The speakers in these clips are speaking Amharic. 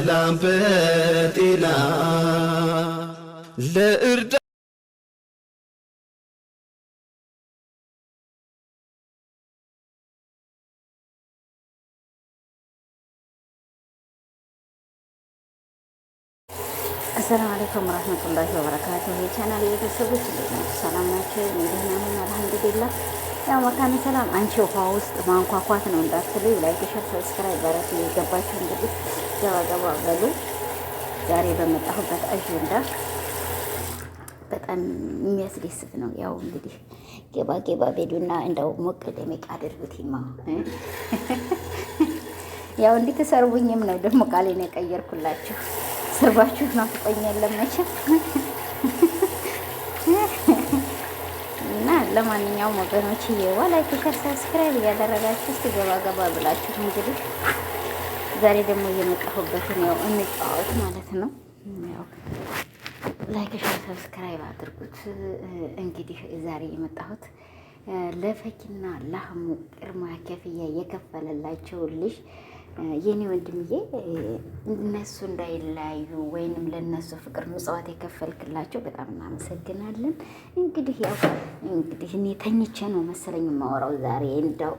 በሰላም በጤና ለእርዳ አሰላም አለይኩም ወራህመቱላሂ ወበረካቱሁ። የቻናል ቤተሰቦች እንዴት ናችሁ? ሰላም ናቸው። ደህና ነን አልሐምዱሊላህ። ያው መካነ ሰላም አንቺ ውሃ ውስጥ ማንኳኳት ነው እንዳትሉኝ። ላይክ ሸር ሰብስክራይብ ባረት የገባችሁ እንግዲህ ገባገባ በሉ። ዛሬ በመጣሁበት አጀንዳ በጣም የሚያስደስት ነው። ያው እንግዲህ ጌባ ጌባ ቤዱና እንደው ሞቅ ደመቅ አድርጉትማ። ያው እንድትሰርቡኝም ነው ደግሞ ቃሌን የቀየርኩላችሁ። ስርባችሁ ናፍቆኛል መቼም ለማንኛውም ወገኖች እየዋ ላይክ፣ ሸር፣ ሰብስክራይብ እያደረጋችሁ እስቲ ገባ ገባ ብላችሁ እንግዲህ ዛሬ ደግሞ እየመጣሁበትን ያው እንጫወት ማለት ነው። ላይክ፣ ሸር፣ ሰብስክራይብ አድርጉት። እንግዲህ ዛሬ የመጣሁት ለፈኪና ላህሙ ቅድሚያ ክፍያ የከፈለላቸው ልጅ የኔ ወንድምዬ እነሱ እንዳይለያዩ ወይንም ለነሱ ፍቅር ምጽዋት የከፈልክላቸው በጣም እናመሰግናለን። እንግዲህ ያው እንግዲህ እኔ ተኝቼ ነው መሰለኝ የማወራው ዛሬ እንዳው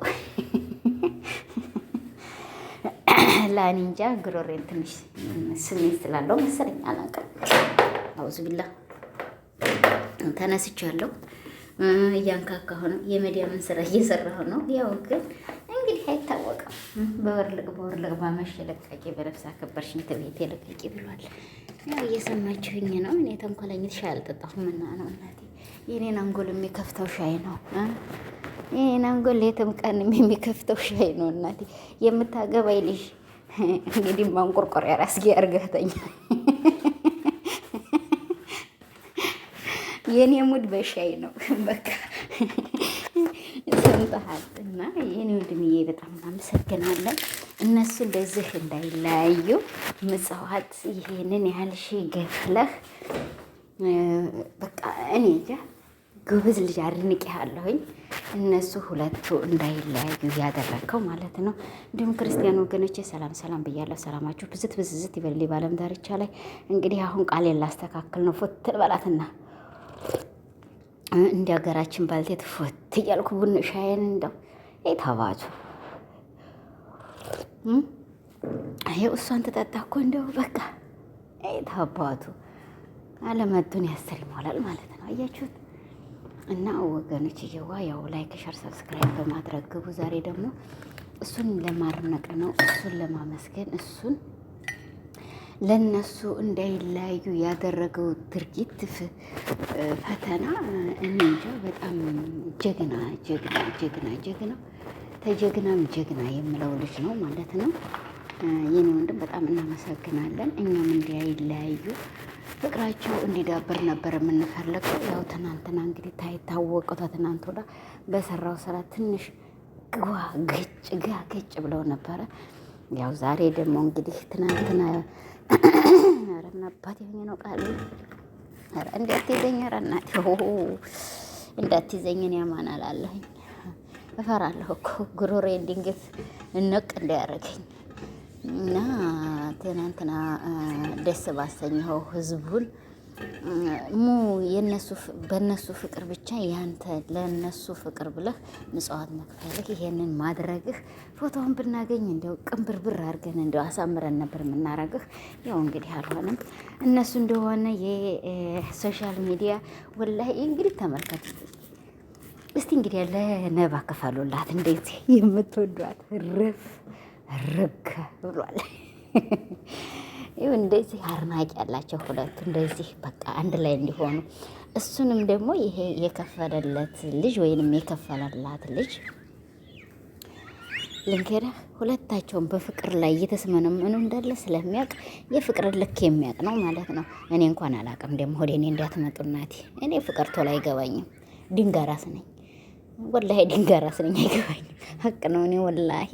ላኔ እንጃ ግሮሬን ትንሽ ስሜት ስላለው መሰለኝ አላውቅም። አውዝ ቢላ ተነስቻለሁ። እያንካካሁ ነው፣ የመዲያምን ስራ እየሰራሁ ነው። ያው ግን እንግዲህ አይታ በወርልቅ በወርልቅ ባመሽ ለቃቂ በለብሳ ከበርሽኝ ትቤት የለቃቂ ብሏል። ያው እየሰማችሁኝ ነው። እኔ ተንኮለኝት ሻይ አልጠጣሁምና ነው እናቴ። የኔን አንጎል የሚከፍተው ሻይ ነው። የኔን አንጎል የትም ቀን የሚከፍተው ሻይ ነው እናቴ። የምታገባይ ልጅ እንግዲህ ማንቆርቆሪያ ራስጌ አርገተኛ የኔ ሙድ በሻይ ነው በቃ ሰምተሃል። እና የኔ ወንድምዬ በጣም እናመሰግናለን። እነሱ እንደዚህ እንዳይለያዩ ምጽዋት ይሄንን ያህል ሺ ገፍለህ በቃ እኔ እንጃ ጉብዝ ልጅ አድንቄሃለሁኝ። እነሱ ሁለቱ እንዳይለያዩ እያደረግከው ማለት ነው። እንዲሁም ክርስቲያን ወገኖቼ ሰላም ሰላም ብያለሁ። ሰላማችሁ ብዝት ብዝዝት ይበል ባለም ዳርቻ ላይ እንግዲህ አሁን ቃሌን ላስተካክል ነው። ፎትል በላትና እንዲ ሀገራችን ባልቴት ፎት እያልኩ ቡን ሻይን እንደው ይሄ ተባቱ እሷን ተጠጣ እኮ እንደው በቃ ይሄ ተባቱ አለመጡን ያስር ይሞላል ማለት ነው። አያችሁት? እና ወገኖች እየዋ ያው ላይክ፣ ሸር፣ ሰብስክራይብ በማድረግ ግቡ። ዛሬ ደግሞ እሱን ለማድነቅ ነው፣ እሱን ለማመስገን እሱን ለነሱ እንዳይለያዩ ያደረገው ድርጊት ፈተና እኔ እንጃ። በጣም ጀግና ጀግና ጀግና ጀግና ተጀግናም ጀግና የምለው ልጅ ነው ማለት ነው። የኔ ወንድም በጣም እናመሰግናለን። እኛም እንዳይለያዩ ፍቅራቸው እንዲዳብር ነበር የምንፈልገው። ያው ትናንትና እንግዲህ ታይታወቀው ትናንት ወዲያ በሰራው ስራ ትንሽ ግዋ ግጭ ግ ግጭ ብለው ነበረ። ያው ዛሬ ደግሞ እንግዲህ ትናንትና ኧረ ምን አባት የሆኜ ነው ቃል ኧረ እንዳትይዘኝ፣ ኧረ እናቴ እንዳትይዘኝን ያማናል አለኝ። እፈራለሁ እኮ ጉሮሬ ድንገት እነቅ እንዳያደርገኝ እና ትናንትና ደስ ባሰኘኸው ህዝቡን ሙ የነሱ በነሱ ፍቅር ብቻ ያንተ ለነሱ ፍቅር ብለህ ምጽዋት መክፈልህ ይሄንን ማድረግህ ፎቶውን ብናገኝ እንደው ቅንብርብር አድርገን እንደው አሳምረን ነበር የምናረግህ። ያው እንግዲህ አልሆነም። እነሱ እንደሆነ የሶሻል ሚዲያ ወላሂ እንግዲህ ተመልከት እስቲ እንግዲህ ለነባ ከፋሉላት እንዴት የምትወዷት ርፍ ርብከ ብሏል። ይኸው እንደዚህ አድናቂ ያላቸው ሁለቱ እንደዚህ በቃ አንድ ላይ እንዲሆኑ እሱንም ደግሞ ይሄ የከፈለለት ልጅ ወይንም የከፈለላት ልጅ ልንገዳ ሁለታቸውን በፍቅር ላይ እየተስመነመኑ እንዳለ ስለሚያውቅ የፍቅር ልክ የሚያውቅ ነው ማለት ነው። እኔ እንኳን አላውቅም። ደግሞ ወደ እኔ እንዳትመጡ እናቴ። እኔ ፍቅር ቶሎ አይገባኝም። ድንጋራስ ነኝ፣ ወላሂ ድንጋይ ራስ ነኝ፣ አይገባኝም። ሀቅ ነው። እኔ ወላሂ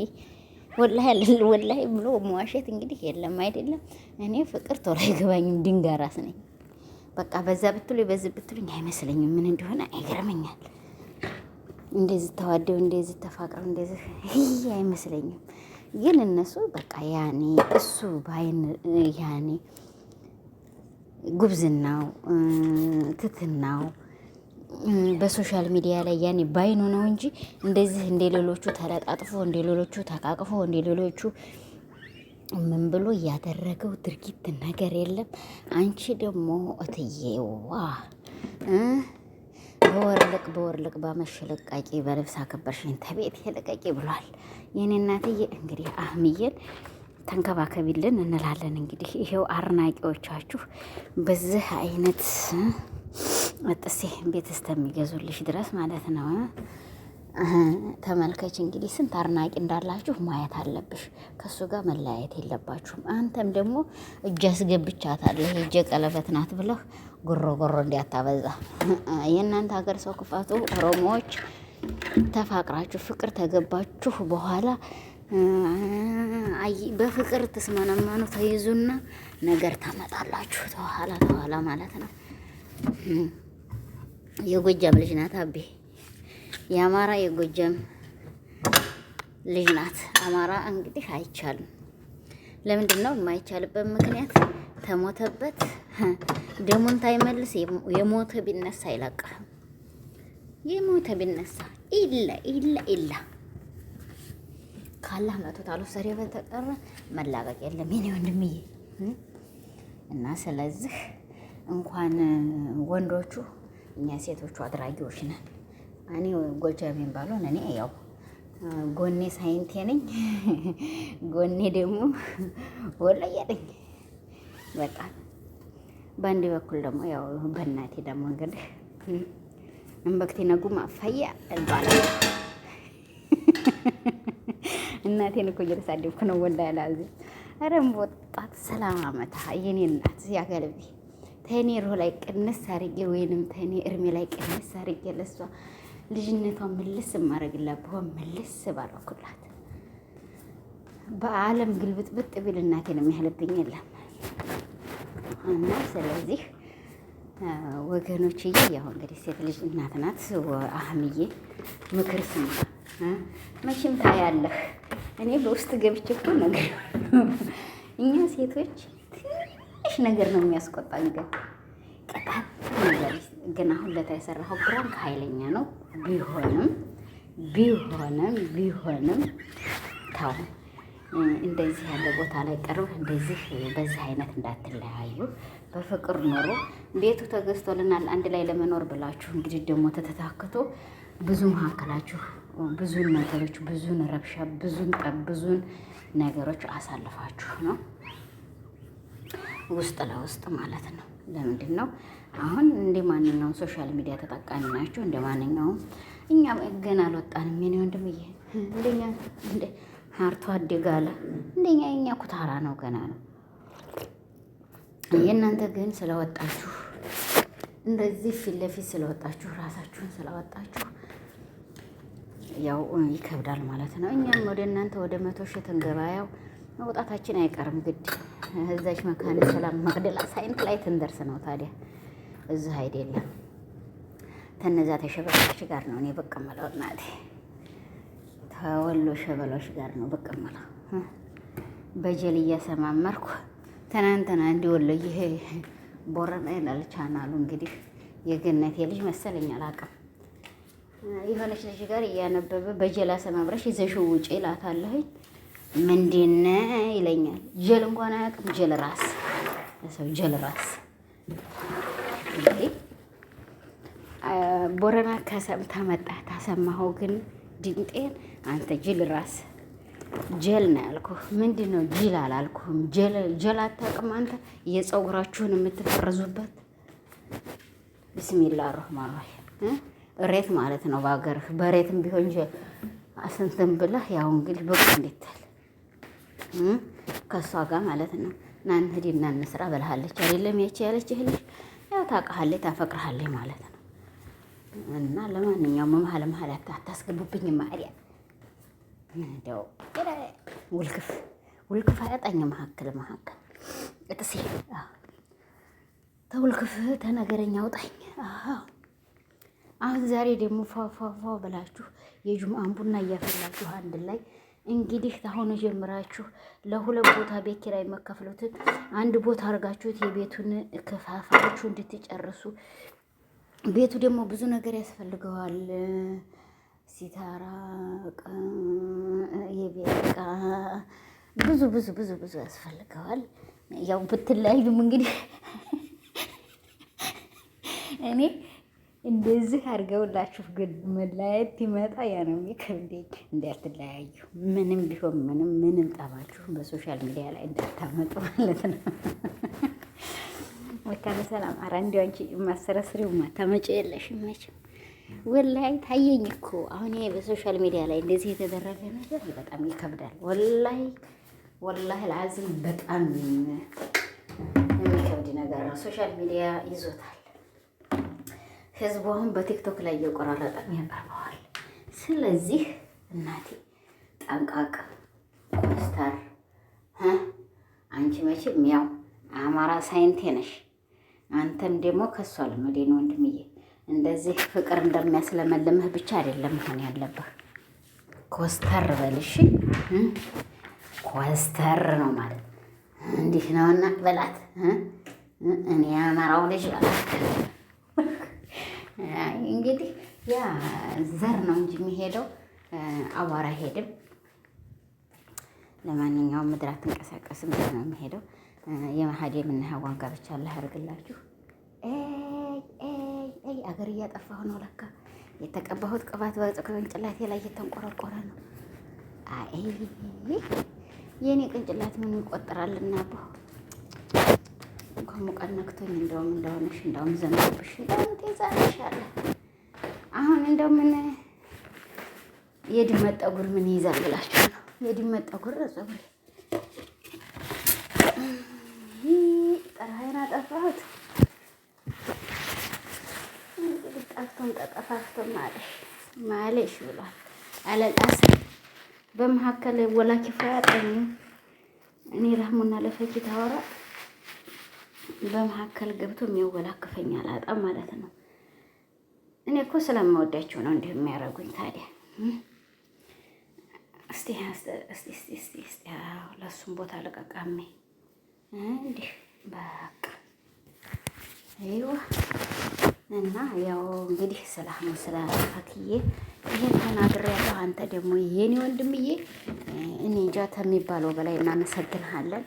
ወላሂ አለል ወላሂ ብሎ መዋሸት እንግዲህ የለም አይደለም። እኔ ፍቅር ቶሎ አይገባኝም፣ ድንጋይ ራስ ነኝ። በቃ በዛ ብትሉ በዚህ ብትሉኝ አይመስለኝም። ምን እንደሆነ አይገርመኛል። እንደዚህ ተዋደው እንደዚህ ተፋቅረው እንደዚህ አይመስለኝም። ግን እነሱ በቃ ያኔ እሱ ባይን ያኔ ጉብዝናው ትትናው በሶሻል ሚዲያ ላይ ያኔ ባይኑ ነው እንጂ እንደዚህ እንደ ሌሎቹ ተለጣጥፎ እንደ ሌሎቹ ተቃቅፎ እንደ ሌሎቹ ምን ብሎ ያደረገው ድርጊት ነገር የለም። አንቺ ደግሞ እትዬዋ በወርልቅ በወርልቅ በመሽ ለቃቂ በልብስ አከበርሽኝ ተቤት የለቀቂ ብሏል። የኔ እናትዬ እንግዲህ አህምዬን ተንከባከቢልን እንላለን። እንግዲህ ይሄው አድናቂዎቻችሁ በዚህ አይነት ጥሴ ቤት እስከሚገዙልሽ ድረስ ማለት ነው። ተመልከች እንግዲህ ስንት አድናቂ እንዳላችሁ ማየት አለብሽ። ከእሱ ጋር መለያየት የለባችሁም። አንተም ደግሞ እጅ አስገብቻታለሁ እጀ ቀለበት ናት ብለህ ጎሮ ጎሮ እንዲያታበዛ። የእናንተ ሀገር ሰው ክፋቱ ኦሮሞዎች ተፋቅራችሁ ፍቅር ተገባችሁ በኋላ በፍቅር ትስመነመኑ ተይዙና ነገር ታመጣላችሁ ተኋላ ተኋላ ማለት ነው። የጎጃም ልጅ ናት። አቤ የአማራ የጎጃም ልጅ ናት። አማራ እንግዲህ አይቻልም። ለምንድን ነው የማይቻልበት ምክንያት? ተሞተበት ደሙን ታይመልስ የሞተ ቢነሳ አይለቅህም። የሞተ ቢነሳ ኢላ ኢላ ኢላ ካላህ መቶት አልወሰደ በተቀረ መላቀቅ የለም የኔ ወንድምዬ እና ስለዚህ እንኳን ወንዶቹ እኛ ሴቶቹ አድራጊዎች ነን። እኔ ጎጃሜን ባልሆን እኔ ያው ጎኔ ሳይንቴ ነኝ፣ ጎኔ ደግሞ ወሎዬ ነኝ። በቃ በአንድ በኩል ደግሞ ያው በእናቴ ደግሞ እንግዲህ እምበክቴ ነጉማ አፋያ እባላለሁ። እናቴን እኮ እየተሳደብኩ ነው። ወላ ያላዚ ረም ወጣት ሰላም አመታ የኔ እናት ያገልብኝ ተኔ ሮህ ላይ ቅንስ አርጌ ወይንም ተኔ እርሜ ላይ ቅንስ አርጌ ለሷ ልጅነቷ መልስ ማረግላት ብሆን መልስ ባረኩላት። በአለም ግልብጥብጥ ቢል እናቴን የሚያህልብኝ የለም እና ስለዚህ ወገኖችዬ ያው እንግዲህ ሴት ልጅ እናት ናት። አህምዬ ምክር ስማ፣ መቼም ታያለህ። እኔ በውስጥ ገብቼ እኮ ነገር እኛ ሴቶች ነገር ነው የሚያስቆጣኝ። ግን ቅጣት ነገር ግን አሁን ለታ የሰራኸው ፕራንክ ኃይለኛ ነው። ቢሆንም ቢሆንም ቢሆንም ታው እንደዚህ ያለ ቦታ ላይ ቀርብ እንደዚህ በዚህ አይነት እንዳትለያዩ በፍቅር ኖሮ ቤቱ ተገዝቶልናል አንድ ላይ ለመኖር ብላችሁ እንግዲህ ደግሞ ተተታክቶ ብዙ መካከላችሁ ብዙን ነገሮች፣ ብዙን ረብሻ፣ ብዙን ጠብ፣ ብዙን ነገሮች አሳልፋችሁ ነው ውስጥ ለውስጥ ማለት ነው። ለምንድን ነው አሁን እንደ ማንኛውም ሶሻል ሚዲያ ተጠቃሚ ናቸው። እንደ ማንኛውም እኛ ገና አልወጣንም። የኔ ወንድምዬ እንደኛ አርቶ አደግ አለ እንደኛ የኛ ኩታራ ነው ገና ነው። የእናንተ ግን ስለወጣችሁ እንደዚህ ፊት ለፊት ስለወጣችሁ ራሳችሁን ስለወጣችሁ ያው ይከብዳል ማለት ነው። እኛም ወደ እናንተ ወደ መቶ ሺህ ትንገባ ያው መውጣታችን አይቀርም ግድ እዛች መካነ ሰላም መቅደላ ሳይንት ላይ ትንደርስ ነው ታዲያ እዚህ አይደለም ተነዛ ተሸበሎች ጋር ነው እኔ ብቅ እምለው እናቴ ተወሎ ሸበሎች ጋር ነው ብቅ እምለው በጀል እያሰማመርኩ ትናንትና እንዲ ወሎ ይሄ ቦረና ይላል ቻናሉ እንግዲህ የገነት ልጅ መሰለኝ አላውቅም የሆነች ልጅ ጋር እያነበበ በጀል አሰማምረሽ ይዘሽው ውጪ እላታለሁኝ ምንድነ ይለኛል። ጀል እንኳን አያውቅም። ጀል ራስ ሰው ጀል ራስ ቦረና ከሰምታ መጣ ታሰማኸው ግን ድንጤን አንተ ጅል ራስ ጀል ነው ያልኩህ። ምንድን ነው ጅል አላልኩህም። ጀል አታውቅም አንተ የፀጉራችሁን የምትፈርዙበት ብስሚላ ማለት ነው በሀገርህ በሬትም ቢሆን ብለህ ያው እንግዲህ ከእሷ ጋር ማለት ነው። ናን ሂድ እና እንስራ በልሃለች አይደለም ያቺ ያለች ልጅ ያው ታውቃሃለች፣ ታፈቅርሃለች ማለት ነው። እና ለማንኛውም መሀል መሀል አታስገቡብኝ ማሪያ እንደው ውልክፍ ውልክፍ አያጣኝ መካከል መካከል እጥሲ ተውልክፍ ተነገረኝ አውጣኝ። አሁን ዛሬ ደግሞ ፏፏፏ ብላችሁ የጁምአን ቡና እያፈላችሁ አንድ ላይ እንግዲህ አሁኑ ጀምራችሁ ለሁለት ቦታ ቤት ኪራይ የምከፍሉትን አንድ ቦታ አድርጋችሁት የቤቱን ከፋፍላችሁ እንድትጨርሱ። ቤቱ ደግሞ ብዙ ነገር ያስፈልገዋል። ሲታራ የቤቃ ብዙ ብዙ ብዙ ብዙ ያስፈልገዋል። ያው ብትለያዩም እንግዲህ እኔ እንደዚህ አድርገውላችሁ ግን መለያየት ይመጣ ያ ነው የሚከብድ። እንዳትለያዩ ምንም ቢሆን ምንም ምንም ጠባችሁ በሶሻል ሚዲያ ላይ እንዳታመጡ ማለት ነው። መካነ ሰላም ኧረ እንዲያው አንቺ ማሰረስሪው ማታመጭ የለሽም መቼም። ወላይ ታየኝ እኮ አሁን ይሄ በሶሻል ሚዲያ ላይ እንደዚህ የተደረገ ነገር በጣም ይከብዳል። ወላይ ወላሂ ለአዝም በጣም የሚከብድ ነገር ነው። ሶሻል ሚዲያ ይዞታል። ህዝቡ አሁን በቲክቶክ ላይ እየቆራረጠም ያቀርበዋል። ስለዚህ እናቴ ጠንቃቅ ኮስተር። አንቺ መቼም ያው አማራ ሳይንቴ ነሽ። አንተም ደግሞ ከሱ ልመዴን ወንድምዬ፣ እንደዚህ ፍቅር እንደሚያስለመልምህ ብቻ አይደለም መሆን ያለብህ። ኮስተር በልሽ፣ ኮስተር ነው ማለት እንዲህ ነውና በላት። እኔ አማራው ልጅ በላት እንግዲህ ያ ዘር ነው እንጂ የሚሄደው አቧራ አይሄድም። ለማንኛውም ምድር አትንቀሳቀስም ዘር ነው የሚሄደው። የመሀዴም እና ሐዋን ጋብቻ አላህ ያድርግላችሁ። አገር እያጠፋሁ ነው ለካ የተቀባሁት ቅባት በቅንጭላቴ ላይ እየተንቆረቆረ ነው። አይ የእኔ ቅንጭላት ምን ይቆጠራልና አቦ ከሙቀት ነክቶኝ እንደውም እንደሆነሽ እንደውም ዘንብሽ እንደውም ትይዛለሻለ። አሁን እንደምን ምን የድመት ጠጉር ምን ይይዛል ብላችሁ ነው? የድመት ጠጉር ፀጉር ጠራይን አጠፋሁት። እንግዲህ ጠፍቶም ተጠፋፍቶም ማለሽ ማለሽ ብሏል አለቃስ በመካከል ወላ ኪፋ እኔ ረህሙና ለፈኪ ታወራ በመካከል ገብቶ የሚወላክፈኝ አላጣም ማለት ነው። እኔ እኮ ስለምወዳቸው ነው እንዲህ የሚያደርጉኝ። ታዲያ እስቲ ለሱም ቦታ ልቀቃሜ እንዲህ በቃ ይዋ እና ያው እንግዲህ ስለ አሁን ስለ ፈክዬ ይሄን ተናግሬያለሁ። አንተ ደግሞ የኔ ወንድምዬ እኔ እንጃ ከሚባለው በላይ እናመሰግንሃለን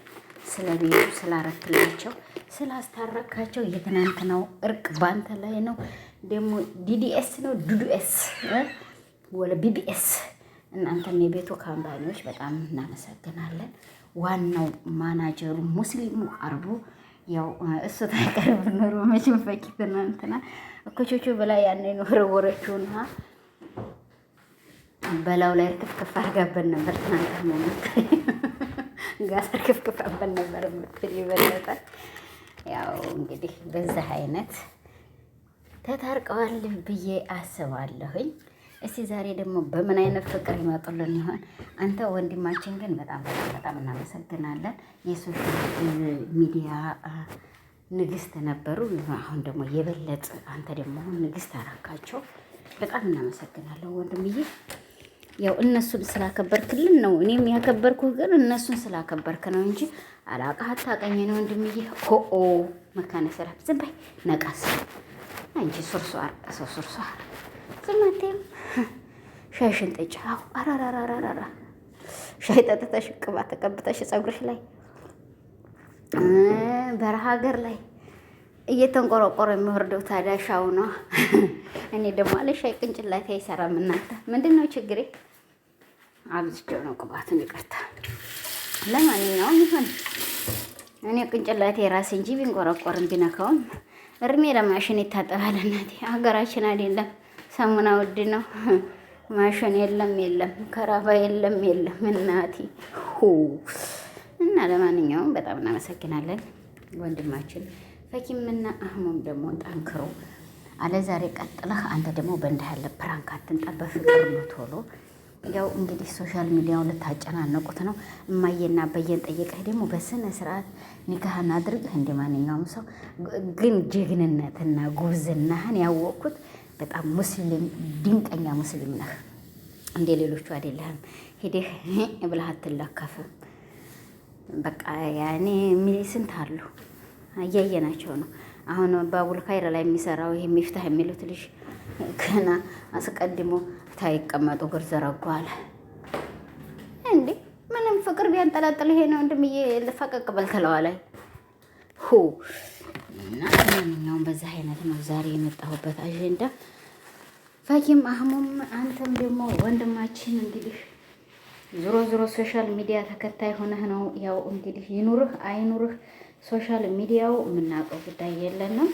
ስለ ቤቱ ስላረክላቸው ስላስታረካቸው የትናንት ነው። እርቅ ባንተ ላይ ነው። ደግሞ ዲዲኤስ ነው ዱዱኤስ ወለ ቢቢኤስ እናንተም የቤቱ ካምፓኒዎች በጣም እናመሰግናለን። ዋናው ማናጀሩ ሙስሊሙ አርቡ ያው እሱ ታቀርብ ኖሮ መቼም ፈኪ ትናንትና እኮቾቹ ብላ ያኔ ወረወረችውና በላው ላይ እርክፍክፍ አርጋበን ነበር። ትናንት ሞመት ጋር እርክፍክፍ አበን ነበር ምትል ይበለጣል ያው እንግዲህ በዚህ አይነት ተታርቀዋል ብዬ አስባለሁኝ። እስቲ ዛሬ ደግሞ በምን አይነት ፍቅር ይመጡልን ይሆን? አንተ ወንድማችን ግን በጣም በጣም በጣም እናመሰግናለን። የሶሻል ሚዲያ ንግስት ነበሩ። አሁን ደግሞ የበለጠ አንተ ደግሞ ንግስት አራካቸው። በጣም እናመሰግናለን ወንድምዬ። ያው እነሱን ስላከበርክልን ነው። እኔም ያከበርኩህ ግን እነሱን ስላከበርክ ነው እንጂ አላቃህ አታቀኝ ነው ወንድምዬ። ሆኦ መካነ ሰላም ዝም በይ ነቃስ። አንቺ ሱርሷር ሰው ሱርሷር ዝም አትይም። ሻይሽን ጠጪ። አዎ አራራራራራ ሻይ ጠጥተሽ ቅባት ተቀብተሽ ፀጉርሽ ላይ በረሃ ሀገር ላይ እየተንቆረቆረ የሚወርደው ታዲያ ሻው ነው። እኔ ደግሞ አለ ሻይ ቅንጭላቴ አይሰራም። እናንተ ምንድን ነው ችግሬ? አብዝቼው ነው ቅባቱን፣ ይቅርታ። ለማንኛውም ይሁን እኔ ቅንጭላቴ ራስ እንጂ ቢንቆረቆርም ቢነካውም እርሜ ለማሽን ይታጠባል። እናቴ ሀገራችን አይደለም ሰሙና ውድ ነው። ማሽን የለም የለም፣ ከራባ የለም የለም። እናቴ እና ለማንኛውም በጣም እናመሰግናለን ወንድማችን ፈኪምና አህሙም ደግሞ ጠንክሮ አለ ዛሬ ቀጥለህ አንተ ደግሞ በእንዲህ ያለ ፕራንክ አትንጣ፣ በፍቅር ነው ቶሎ። ያው እንግዲህ ሶሻል ሚዲያውን ልታጨናነቁት ነው። እማዬና አባዬን ጠይቀህ ደግሞ በስነ ስርዓት ኒካህን አድርገህ እንደ ማንኛውም ሰው ግን ጀግንነትና ጉብዝናህን ያወቅኩት በጣም ሙስሊም ድንቀኛ ሙስሊም ነህ። እንደ ሌሎቹ አይደለህም። ሄደህ ብለህ አትለከፍም። በቃ ያኔ ስንት አሉ እያየናቸው ነው። አሁን ባቡል ኸይር ላይ የሚሰራው ይሄ ሚፍታህ የሚሉት ልጅ ገና አስቀድሞ ታይቀመጡ እግር ዘረጓል እንዴ! ምንም ፍቅር ቢያንጠላጥል ይሄ ነው ወንድምዬ፣ ፈቀቅ በል ትለዋለህ። ሁ እና ማንኛውም በዛ አይነት ነው ዛሬ የመጣሁበት አጀንዳ። ፋኪም አህሙም አንተም ደግሞ ወንድማችን እንግዲህ ዞሮ ዞሮ ሶሻል ሚዲያ ተከታይ ሆነህ ነው ያው እንግዲህ ይኑርህ አይኑርህ ሶሻል ሚዲያው የምናውቀው ጉዳይ የለንም።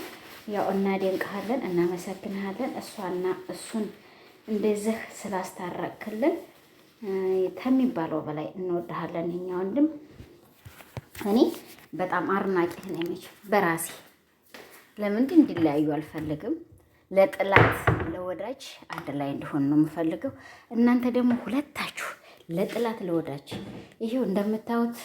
ያው እናደንቅሃለን፣ እናመሰግንሃለን እሷና እሱን እንደዚህ ስላስታረቅክልን ከሚባለው በላይ እንወድሃለን። የኛ ወንድም እኔ በጣም አድናቂህ ነኝ። በራሴ ለምንድን እንዲለያዩ አልፈልግም። ለጥላት ለወዳጅ አንድ ላይ እንዲሆን ነው የምፈልገው። እናንተ ደግሞ ሁለታችሁ ለጥላት ለወዳጅ ይሄው እንደምታዩት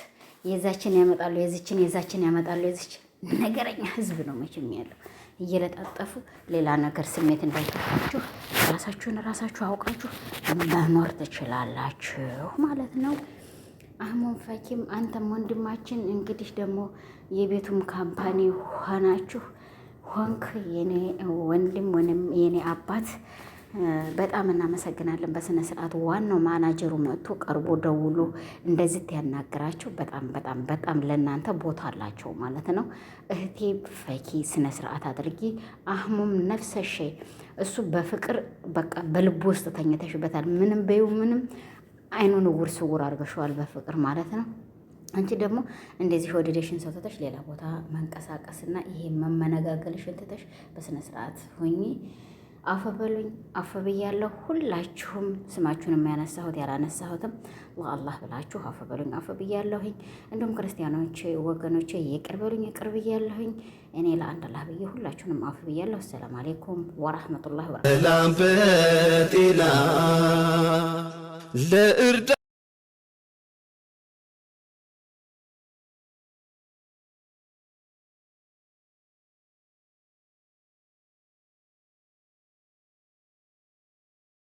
የዛችን ያመጣሉ፣ የዚችን የዛችን ያመጣሉ። የዚች ነገረኛ ህዝብ ነው መቼም ያለው እየለጣጠፉ ሌላ ነገር ስሜት እንዳይተፋችሁ ራሳችሁን ራሳችሁ አውቃችሁ መኖር ትችላላችሁ ማለት ነው። አህሙን ፈኪም፣ አንተም ወንድማችን እንግዲህ ደግሞ የቤቱም ካምፓኒ ሆናችሁ ሆንክ የኔ ወንድም ወንም የኔ አባት በጣም እናመሰግናለን። በስነ ስርዓት ዋናው ማናጀሩ መጥቶ ቀርቦ ደውሎ እንደዚህ ያናገራቸው በጣም በጣም በጣም ለእናንተ ቦታ አላቸው ማለት ነው። እህቴ ፈኪ ስነ ስርዓት አድርጊ። አህሙም ነፍሰሽ እሱ በፍቅር በቃ በልቡ ውስጥ ተኝተሽበታል። ምንም በዩ ምንም አይኑን እውር ስውር አድርገሸዋል በፍቅር ማለት ነው። አንቺ ደግሞ እንደዚህ ወደደሽን ሰው ትተሽ ሌላ ቦታ መንቀሳቀስና ይሄ መመነጋገልሽን ትተሽ በስነ ስርዓት ሁኚ። አፈበሉኝ በሉኝ ሁላችሁም ስማችሁን ያነሳሁት ያላነሳሁትም ለአላህ ብላችሁ አፈበሉኝ አፈብያለሁኝ። እንዲሁም ክርስቲያኖች ወገኖች የቅርበሉኝ የቅርብያለሁኝ። እኔ ለአንድ አላህ ብዬ ሁላችሁንም አፈብያለሁ። ሰላም አሌይኩም ወራህመቱላህ ወበረካቱ።